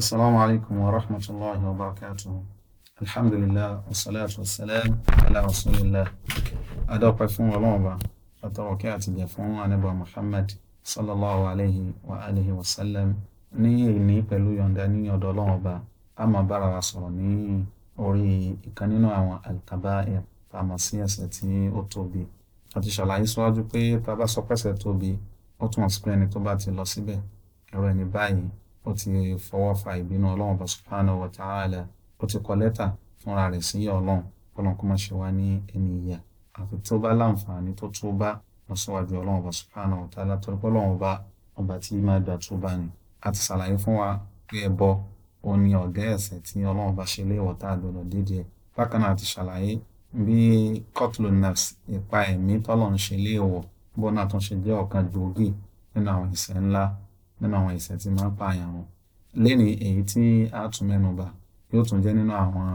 السلام عليكم ورحمة الله وبركاته الحمد لله والصلاة والسلام على رسول الله أدوك فون ولوبا أتوكات جفون أنبا محمد صلى الله عليه وآله وسلم ní èní pẹ̀lú yọ̀ǹda ní ọ̀dọ̀ ọlọ́run ọba a máa bára wa sọ̀rọ̀ ní orí ìkan nínú àwọn al-kabā'ir àmọ́ sí ẹ̀ṣẹ̀ tí ó tóbi a ti ṣàlàyé síwájú pé tá a bá sọ pẹ́ṣẹ̀ tóbi ó túmọ̀ sí pé ẹni tó bá ti lọ síbẹ̀ ẹ̀rọ ẹni báyìí ó ti fọwọ́ fa ìbínú ọlọ́run bá subhanahu wa ta'ala ó ti kọ lẹ́tà fúnra rẹ̀ sí ìyá ọlọ́run ọlọ́run kó má ṣe wá ní ẹni ìyà àfi tó bá láǹfààní tó tó bá lọ síwájú ọlọ́run bá subhanahu wa ta'ala torí pé ọlọ́run bá ọba tí máa gbà tó bá ni a ti ṣàlàyé fún wa pé ẹbọ ó ní ọ̀gá ẹ̀ṣẹ̀ tí ọlọ́run bá ṣe léèwọ̀ tá a nínú àwọn ẹ̀ṣẹ̀ tí máa ń pààyàn run lénìí èyí tí a tún mẹ́nu bà yóò tún jẹ́ nínú àwọn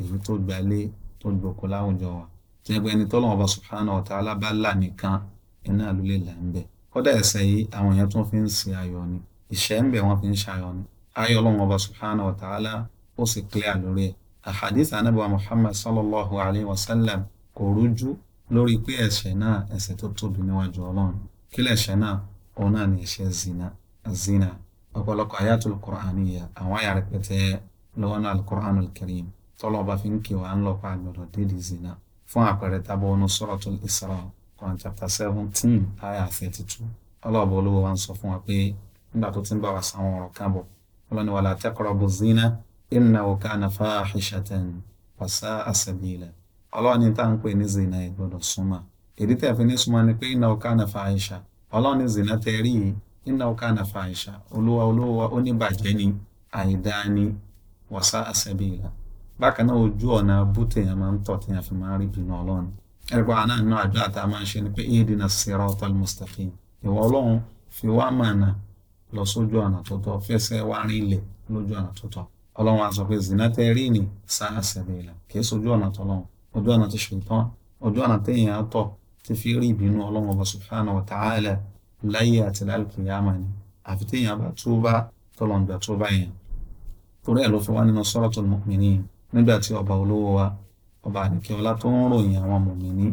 èyí tó gbalé tó gboko láwùjọ wa tó yẹ pé ẹni tó lọ́wọ́ bá subhanahu wa ta'ala bá là nìkan iná ló lè là ń bẹ̀ kódà ẹ̀ṣẹ̀ yìí àwọn èèyàn tún fi ń ṣe ayọ̀ ni ìṣẹ́ ń bẹ̀ wọ́n fi ń ṣayọ̀ ni ayọ̀ lọ́wọ́ bá subhanahu wa ta'ala ó sì clear lórí ẹ̀ àhàdísì anábìwá muhammad sallallahu alayhi wa sallam kò rújú lórí pé ẹ̀ṣẹ̀ náà ẹ̀ṣẹ̀ tó tóbi níwájú ọlọ́run kí lẹ̀ṣẹ̀ náà òun náà ni ẹ̀ṣẹ̀ zina zina ọ̀pọ̀lọpọ̀ ayatul qur'aniyya àwọn àyà rẹpẹtẹ lọ́wọ́ náà alukur'an alkarim tọ́lọ́ba fi ń kíwà ń lọ́pàá àgbọ̀dọ̀ dédé zina fún àpẹẹrẹ tábọ̀ ọ̀nà suratul isra Quran chapter seventeen aya thirty two ọlọ́ọ̀bọ olówó wa ń sọ fún wa pé nígbà tó ti ń bá wa sáwọn ọ̀rọ̀ kan bọ̀ ọlọ́ni wala taqrabu zina innahu kana fahishatan wa sa'a sabila ọlọ́ọ̀ni tá à ń pè ní zina ẹ̀ gbọ́dọ̀ súnmọ́ èdè tẹ̀ fi ní súnmọ́ ni pé innahu kana fahisha ọlọ́ọ̀ni zina tẹ̀ rí yìí innahu kana fahisha olúwa olúwa ó ní bàjẹ́ ni àìdá ni wọ̀sá àṣẹbìlà bákan náà ojú ọ̀nà bútẹ̀ yẹn máa ń tọ̀ tí yẹn fi máa ń rí bínú ọlọ́run ẹ̀rọ àná nínú àdúrà tá a máa ń ṣe ni pé ihdina siratal mustaqim ìwọ ọlọ́run fi wá mànà lọ sójú ọ̀nà tó tọ́ fẹsẹ̀ wá rinlẹ̀ lójú ọ̀nà tó tọ́ ọlọ́run á sọ pé zina tẹ rí ni sáà sẹ̀bẹ̀là kì í sojú ọ̀nà tọ́lọ́run ojú ọ̀nà ti ṣètán ojú ọ̀nà téèyàn á ti fi rí ìbínú ọlọ́run ọba subhanahu wa ta'ala láyé àti lálùkìyàmà ni àfi téèyàn bá túbà tọ́lọ̀ ń gbà túbà yẹn torí ẹ̀ ló fi wá nínú Suratul Mu'minin nígbà tí ọba olówó wa ọba àdìkẹ́ọ́lá tó ń ròyìn àwọn mùmìnì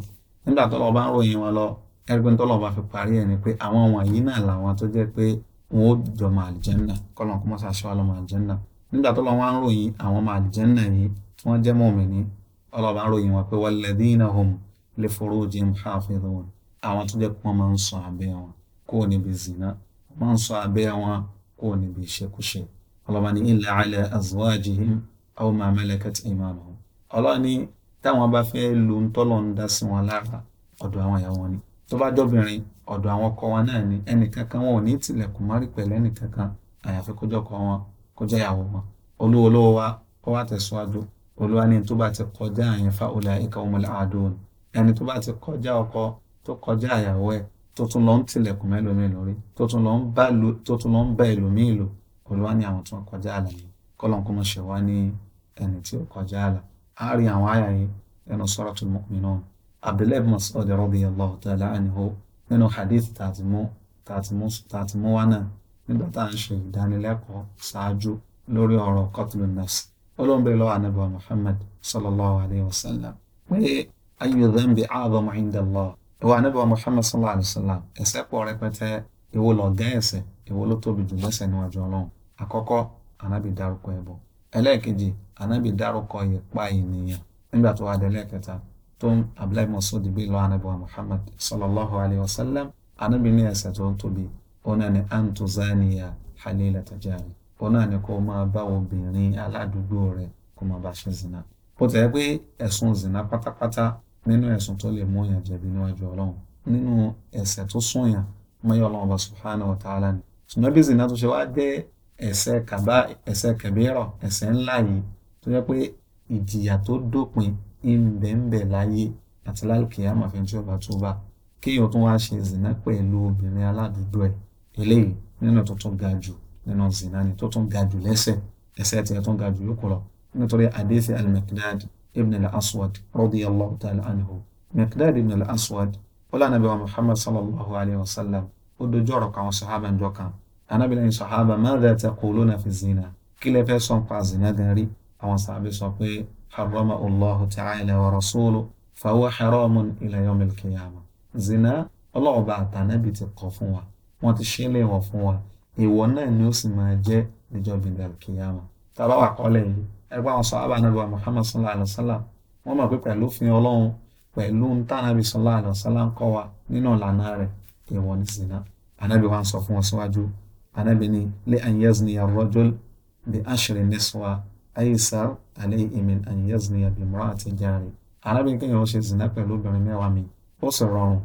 nígbà tọ́lọ́ bá ń ròyìn wọn lọ ẹgbẹ́ni tọ́lọ́ bá fi parí ẹ̀ ni pé àwọn wọ̀nyí náà làwọn tó jẹ́ pé wọn ó jọ máa àlìjẹ́nà kọ́lọ́n kó mọ́ sàṣọ àlọ́ máa àlìjẹ́nà nígbà tọ́lọ́ wọn ń ròyìn àwọn máa àlìjẹ́nà yìí tí wọ́n jẹ́ mùmìnì ọlọ́ba ń ròyìn wọn pé walladhina hum li furujihim hafidhun àwọn tó jẹ́ pé máa ń ṣọ́ abẹ́ wọn kúrò níbi zina wọ́n ń ṣọ́ abẹ́ wọn kúrò níbi ìṣekúṣe ọlọ́ba ní illa ala azwajihim aw ma malakat imanuhum ọlọ́ni táwọn bá fẹ́ lu ntọ́lọ̀ ń dá sí wọn lára ọ̀dọ̀ àwọn ìyàwó wọn ni tó bá jọ́bìnrin ọ̀dọ̀ àwọn ọkọ wọn náà ni ẹnìkankan wọn ò ní tilẹ̀kùn mọ́rí pẹ̀lú ẹnìkankan àyàfi kójọ́ kọ wọn kójọ́ ìyàwó wọn olúwo lówó wa ó wá tẹ̀síwájú olúwa ní tó bá ti kọjá àyànfà ulaika umul aadun ẹni tó ti kọjá ọkọ tó kọjá ìyàwó ẹ̀ tó tún lọ ń tilẹ̀kùn mẹ́lòmíì lórí tó tún lọ ń bá ẹlòmíì lò olúwa ní àwọn tó ń kọjá àlà yìí kọ́lọ́n kó mọ̀ ṣe wá ní ẹni tí ó kọjá àlà á rí àwọn àyà yìí nínú Suratul Mu'minun Abdullahi ibn Mas'ud radiyallahu ta'ala anhu nínú hadith tààtìmú wa náà nígbà tá à ń ṣe ìdánilẹ́kọ̀ọ́ ṣáájú lórí ọ̀rọ̀ qatlun nafs olóńgbé lọ́wọ́ anábọ̀ Muhammad sallallahu alayhi wa sallam pé ayyu dhanbi a'zamu inda Allah ìwọ ànábì wa Muhammad sallallahu alayhi wa sallam ẹ̀ṣẹ̀ pọ̀ rẹpẹtẹ èwo lọ̀gá ẹ̀ṣẹ̀ èwo ló tóbi jù lẹ́ṣẹ̀ níwájú Ọlọ́run àkọ́kọ́ ànábì dárúkọ ẹbọ ẹlẹ́ẹ̀kejì ànábì dárúkọ ìpa ènìyàn nígbà tó wà délẹ́ẹ̀kẹta tó ń abúlé mọ̀sódì bí lọ ànábì wa Muhammad sallallahu alayhi wa sallam ànábì ní ẹ̀ṣẹ̀ tó ń tóbi ọ̀nà ni antozania halilata jari ọ̀nà ni kó máa bá obìnrin aládùúgbò rẹ̀ kó máa bá ṣe zina bó pé ẹ̀sùn zina pátápátá nínú ẹ̀sùn tó lè mú yàn jẹ̀bi níwájú ọlọ́run nínú ẹ̀ṣẹ̀ tó sún yàn mọ́yọ́ ọlọ́run ọba subhanahu wa ta'ala ni ṣùgbọ́n bí zina tó ṣe wá jẹ́ ẹ̀ṣẹ̀ kàbá ẹ̀ṣẹ̀ kẹ̀bẹ́rọ̀ ẹ̀ṣẹ̀ ńlá yìí tó jẹ́ pé ìjìyà tó dópin ìbẹ̀ǹbẹ̀ láyé àti lálùkìyàmọ̀ fi tí ó bá tó bá kéèyàn tó wá ṣe zina pẹ̀lú obìnrin aládùúgbò ẹ̀ eléyìí nínú tó tún ga jù nínú zina ni tó tún ga jù lẹ́ṣẹ̀ ẹ̀ṣẹ̀ tiẹ̀ tún ga jù yókù lọ ibn al-aswad radiyallahu ta'ala anhu miqdad ibn al-aswad wala anabi wa muhammad sallallahu alayhi wa sallam ó dojú ọ̀rọ̀ kan àwọn sahaba ń jọ kan anabi lẹ́yìn sahaba madha taquluna fi zina kí lè fẹ́ sọ pa zina gan rí àwọn sàbí sọ pé harama allahu ta'ala wa rasuluhu fahuwa haramun ila yawm al-qiyama zina ọlọ́ọ̀bá àtànábì ti kọ̀ fún wa wọ́n ti ṣe é léèwọ̀ wa èèwọ̀ náà ni ó sì máa jẹ́ níjọ́ gbìndàlùkìyàmà tàbá wà kọ́lẹ̀ yìí ẹgbẹ́ àwọn sàhábà Ànábì wa Muhammad sallallahu alayhi wa sallam wọ́n mọ̀ pé pẹ̀lú òfin ọlọ́run pẹ̀lú ń tà Ànábì sallallahu alayhi wa sallam kọ́ wa nínú ìlànà rẹ̀ èèwọ̀ ní zina Ànábì wa ń sọ fún wọn síwájú Ànábì ni lé an yazniya ar-rajul bi ashri niswa aysar alayhi min an yazniya bi imra'ati jari Ànábì ní kéèyàn ó ṣe zina pẹ̀lú obìnrin mẹ́wàá mi ó sì rọrùn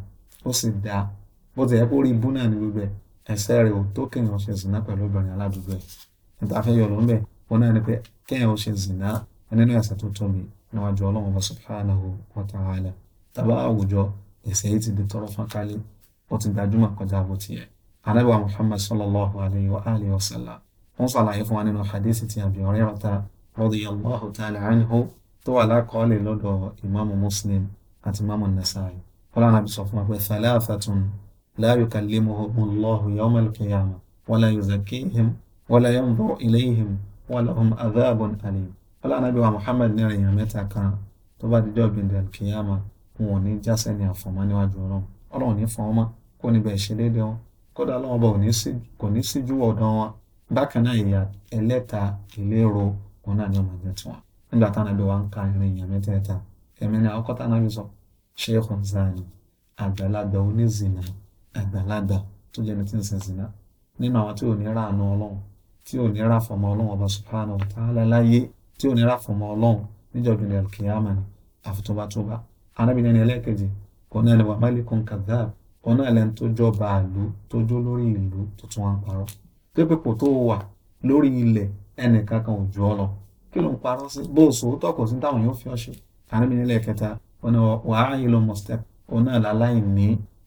ó sì dáa bó ti yẹ kó rí ibú náà ní gbígbẹ ẹ̀ṣẹ̀ rẹ̀ ò tó kéèyàn ṣe zina pẹ̀lú obìnrin aládùúgbò ẹ̀ níta yọ̀ ló ń bẹ̀ òun náà ni pé kéèyàn ó ṣe zìnà nínú ẹ̀ṣẹ̀ tó tóbi níwájú ọlọ́run ọba subhanahu wa ta'ala tàbá àwùjọ ẹ̀ṣẹ̀ yìí ti di tọrọ fọ́nkálé ó ti gbajúmọ̀ kọjá bó ti yẹ. anábìwá muhammad sallallahu alayhi wa alihi wa sallam wọ́n sàlàyé fún wa nínú hadith ti àbí ọ̀rẹ́ ọ̀tá radiyallahu ta'ala anhu tó wà lákọọ́lẹ̀ lọ́dọ̀ ìmáàmù muslim àti ìmáàmù nasa'i fọlá nàbí sọ fún wa pé thalathatun la yukallimuhumullahu yawmal qiyamah wala yuzakkihim wala yanzuru ilayhim walahum adhabun alim ọlànàbí wa Muhammad ní ìrìnyàn mẹ́ta kan tó bá dijọ́ gbìndẹ̀ kìyàmà wọn ò ní jásẹ̀ ní àfọ̀mọ́ ní fọ́n mọ́ kó níbẹ̀ ṣe déédéé wọn kódà ọlọ́run bá kò ní síjú ọ̀dọ̀ wọn bákan náà ìyà ka ìrìnyàn mẹ́tẹ̀ẹ̀ta ẹ̀mí ni àkọ́kọ́ táwọn ẹbí tí ò ní rà fọmọ ọlọ́run ọba subhanahu wa ta'ala láyé tí ò ní rà fọmọ ọlọ́run níjọ̀gbìn alkiyama ni àfitóbátóbá arábìnrin ẹni ẹlẹ́ẹ̀kejì ọ̀nà ẹlẹ́wà malikun kadhab ọ̀nà ẹlẹ́ni tó jọ bàálù tó jó lórí ìlú tó tún wá ń parọ́ pépèpò tó wà lórí ilẹ̀ ẹnìkan kan ò jù ọ lọ kí ló ń parọ́ sí bó o sòótọ́ kò sí táwọn yóò fi ọ ṣe arábìnrin ẹlẹ́ẹ̀kẹta ọ̀nà wàá yìí ló mọ̀stẹ́p ọ̀nà ẹ̀láláì ní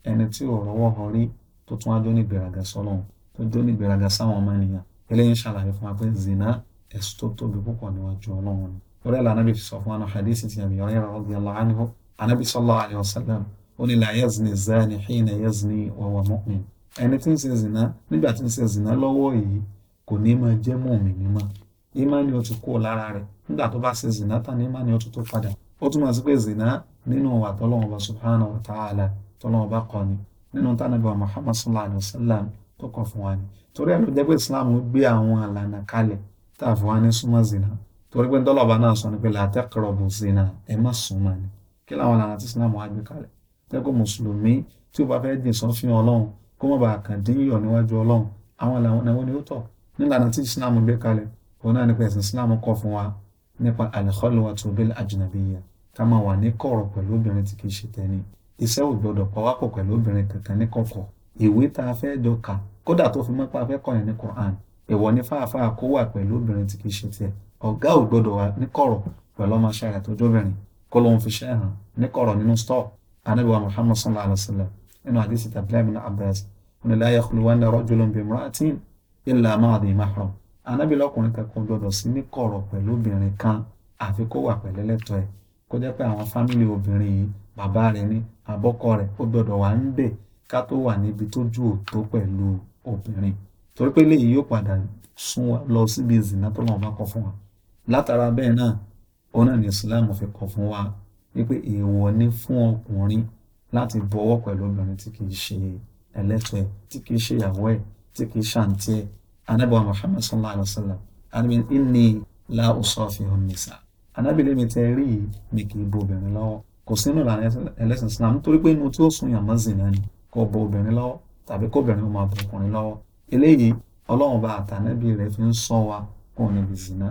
ẹni tí ò rọwọ́ họrí tó tún wá jó ní ìgbéraga sọ́lọ́run tó jó ní ìgbéraga sáwọn ọmọ ènìyàn eléyìí ń ṣàlàyé fún wa pé zina ẹ̀sùn tó tóbi púpọ̀ níwájú ọlọ́run ni orí ẹ̀ lànà bí fi sọ fún wa hadith ti àmì ọ̀rẹ́ rẹ̀ ọ̀dí ọ̀la ánìhó anábì sallallahu alayhi wa sallam ó ní la yazni zani hina yazni wa huwa mu'min ẹni tí ń ṣe zina nígbà tí ń ṣe zina lọ́wọ́ yìí kò ní máa jẹ́ mùmínì mọ́ ìmánì ó ti kú lára rẹ̀ nígbà tó bá ṣe zina tán ní ìmánì ó ti tó padà ó túmọ̀ sí pé zina nínú wa tọ́lọ́wọ́n subhanahu wa ta'ala tọ́lọ́wọ́n kọ́ni nínú tánàbí wa muhammad sallallahu alayhi wa sallam tó kàn fún wa ni torí ẹ̀ ló jẹ́ pé Islam gbé àwọn àlànà kalẹ̀ tá a fún wa ní súnmọ́ zina torí pé ntọ́lọ́ba náà sọ ni pé la taqrabu zina ẹ má súnmọ́ ni kí làwọn àlànà tí Islam wá gbé kalẹ̀ tẹ́kọ̀ mùsùlùmí tí ó bá fẹ́ dìn sọ́fin ọlọ́run kó má bàa kàn dín yọ̀ níwájú ọlọ́run àwọn àlànà wọn ni ó tọ̀ nílànà tí Islam gbé kalẹ̀ òun náà ni pé ẹ̀sìn Islam kọ̀ fún wa nípa al-khalwatu bil ajnabiyya ká máa wà ní kọ̀rọ̀ pẹ̀lú obìnrin tí kì í ṣe tẹni iṣẹ́ ò gbọdọ̀ pawápọ̀ pẹ̀lú obìnrin kankan ní kọ̀kọ̀ ìwé tá a fẹ́ jọ kódà tó fi mọ́pá fẹ́ kọ̀yàn ní Quran èèwọ̀ ní fáàfáà kó wà pẹ̀lú obìnrin tí kìí ṣe tiẹ̀ ọ̀gá ò gbọ́dọ̀ wà níkọ̀rọ̀ pẹ̀lú ọmọ aṣáájú tó jóbìnrin kó lóun fi ṣe hàn níkọ̀rọ̀ nínú stọ́ọ̀ anábìwá Muhammad sallallahu alayhi wa sallam nínú àdìsí tàbílẹ̀ ibn Abbas ní la yakhluwanna rajulun bi imra'atin illa ma'a dhi mahram anábì lọ́kùnrin kan kò gbọ́dọ̀ sí níkọ̀rọ̀ pẹ̀lú obìnrin kan àfi kó wà pẹ̀lú ẹlẹ́tọ̀ ẹ̀ kó jẹ́ pé àwọn fámìlì obìnrin bàbá rẹ̀ ní àbọ́kọ rẹ̀ ó gbọ́dọ̀ wà ń bẹ̀ ká tó wà níbi tójú òtó pẹ̀lú obìnrin torí pé léyìí yóò padà sún wa lọ síbi ìzìnà tó lọ́wọ́ bá kọ fún wa látara bẹ́ẹ̀ náà òun náà ní Islam fi kọ fún wa wípé èèwọ̀ ni fún ọkùnrin láti bọwọ́ pẹ̀lú obìnrin tí kìí ṣe ẹlẹ́tọ̀ẹ́ tí kìí ṣe ìyàwó ẹ̀ tí kìí ṣàǹtí ẹ̀ anábìwá Muhammad sallallahu alayhi wa sallam anábì inni la usafihun nisa anábì lèmi tẹ rí i mi kì í bo obìnrin lọ́wọ́ kò sínú ìlànà ẹlẹ́sìn Islam nítorí pé inú tí ó sun yàmọ́ zìnà ni kò bo obìnrin lọ́wọ́ tàbí kóbìnrin ó máa bọkùnrin lọ́wọ́ eléyìí ọlọ́run bá àtànẹ́bí rẹ̀ fi ń sọ wa kó ní bìzínà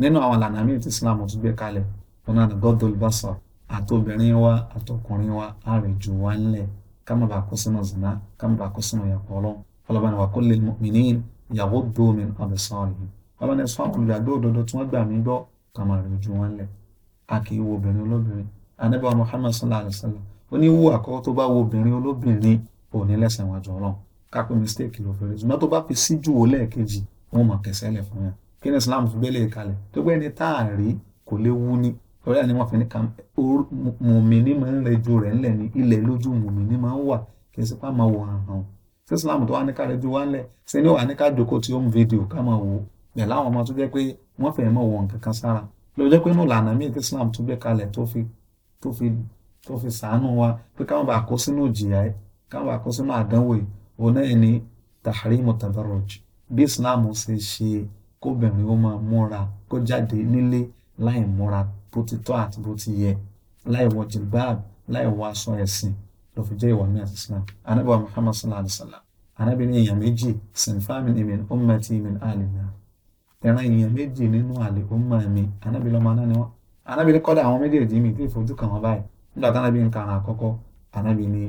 nínú àwọn ìlànà míì tí islam tún gbé kalẹ̀ ọ̀nà àgọ́dọ̀ olùbásọ̀ àtobìnrin wa àtọkùnrin wa àrèjù wa ńlẹ̀ ká má bàa kó sínú zìnà ká má bàa kó sínú ìyàpọ̀ ọlọ́run ọlọ́ba ni wà kó lè mìíní yaghuddu min absarihim ọlọ́ba ni sọ àwọn olùgbàgbọ́ òdodo tí wọ́n mí gbọ́ ká má àrèjù wa ńlẹ̀ a kì í kò ní lẹ́sẹ̀ wọn jọ ọlọ́run ká pé mistake ló fẹ́rẹ̀ ṣùgbọ́n tó bá fi síjú wo lẹ́ẹ̀kejì wọn mọ̀ kẹsẹ́lẹ̀ fún yàn kí ni Islam fi gbélé e kalẹ̀ tó gbé ẹni tá a rí kò lè wú ni torí àní wọn fi ní ká mùmíní máa ń rẹjú rẹ̀ ńlẹ̀ ní ilẹ̀ lójú mùmíní máa ń wà kì í sí pa máa wò hàn hàn sí Islam tó wà ní ká rẹjú wá ńlẹ̀ sí ni wà ní ká jòkó tí ó ń fídíò ká máa wò bẹ̀ láwọn ọmọ tó jẹ́ pé wọ́n fẹ̀ẹ́ mọ̀ wọ̀n kankan sára ló jẹ́ pé inú ìlànà míì tí Islam tó gbé kalẹ̀ tó fi sàánú wa pé káwọn bá kó sínú ìjìyà káwọn àkọsílẹ̀ àdánwò yìí òun náà ni tahrimu tabarruj bí islam ṣe ṣe kóbìnrin ó máa múra kó jáde nílé láì múra bó ti tọ́ àti bó ti yẹ láì wọ jilbab láì wọ aṣọ ẹ̀sìn ló fi jẹ́ ìwà ní àti islam anábì wa muhammad sallallahu alayhi wa sallam anábì ní èèyàn méjì sinfami ni min ummati min ahli nar ẹran èèyàn méjì nínú àlè umma mi anábì lọ́mọ náà ni wọ́n anábì ní kọ́dà àwọn méjèèjì mi tí ìfojú kàn wọ́n báyìí nígbà tánábì ń kàrà àkọ́kọ́ anábì ní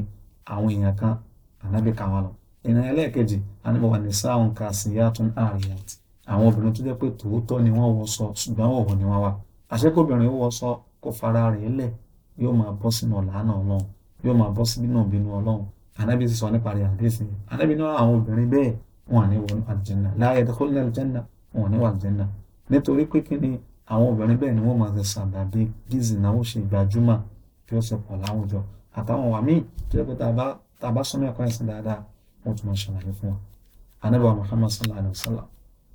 àwọn èèyàn kan ànábì kà wọ́n lọ ìran ẹlẹ́ẹ̀kejì ànábì wà ní sáwọn kan sì yá tún àwọn obìnrin tó jẹ́ pé tòótọ́ ni wọ́n wọ sọ ṣùgbọ́n òwò ni wọ́n wà àṣekóbìnrin wọ sọ kó fara rẹ̀ lẹ̀ yóò máa bọ́ sínú ọ̀làánà ọlọ́run yóò máa bọ́ sínú ìbínú ọlọ́run ànábì sì sọ nípa rẹ̀ àdéhùn ànábì ní àwọn obìnrin bẹ́ẹ̀ wọn ní wọn àlùjẹ́nà láàyè tó kọ́lé àlùjẹ́nà ní wọn àlùjẹ́nà nítorí pé kí ni àwọn obìnrin ni wọ́n máa ṣe sàbàbí bí ìzìnà ó ṣe gbajúmọ̀ bí àtàwọn wa míì tó yẹ pé tá a bá súnmọ́ ẹ̀kọ́ ẹ̀sìn dáadáa wọ́n tún máa ṣàlàyé fún wa anábàá Muhammad sallallahu alayhi wa sallam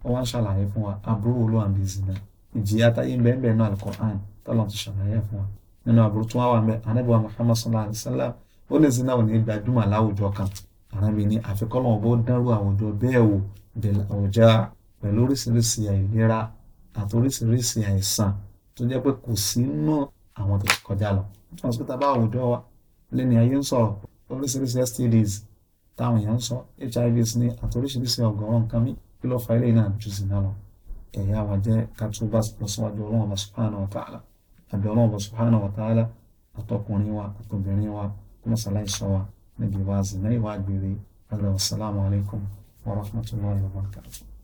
wọ́n wá ń ṣàlàyé fún wa aburú wo ló wà ń bí zina ìjìyà táyé bẹ́ẹ̀ bẹ́ẹ̀ náà al ti ṣàlàyé fún wa nínú aburú tó wá wà ń bẹ anábàá Muhammad sallallahu alayhi wa sallam ó ní zina ò ní gbajúmọ̀ láwùjọ kan àrẹ́bí ni àfikọ́lọ́ ọ̀bọ dárú àwùjọ bẹ́ẹ̀ wò bẹ̀rẹ̀ ọ̀já pẹ̀lú oríṣiríṣi àìlera àti oríṣiríṣi àìsàn tó jẹ́ pé kò sí nù àwọn tó ti kọjá lọ. wọ́n tá a bá àwùjọ wa lẹ́ni ayé ń sọ̀rọ̀ oríṣiríṣi STDs táwọn èèyàn ń sọ HIVs ní àti oríṣiríṣi ọ̀gọ̀rọ̀ nǹkan mi kí ló fa ilé náà ju sí náà lọ ẹ̀yà wa jẹ́ katuba lọ́síwájú ọlọ́run ọba subhanahu wa ta'ala àbí ọlọ́run ọba subhanahu wa ta'ala àtọkùnrin wa àtọbìnrin wa kọ́mọ̀sáláì sọ wa níbi ìwà àzìnà ìwà àgbèrè alẹ́ wasalaamu alaykum wa rahmatulahi wa barakatuh.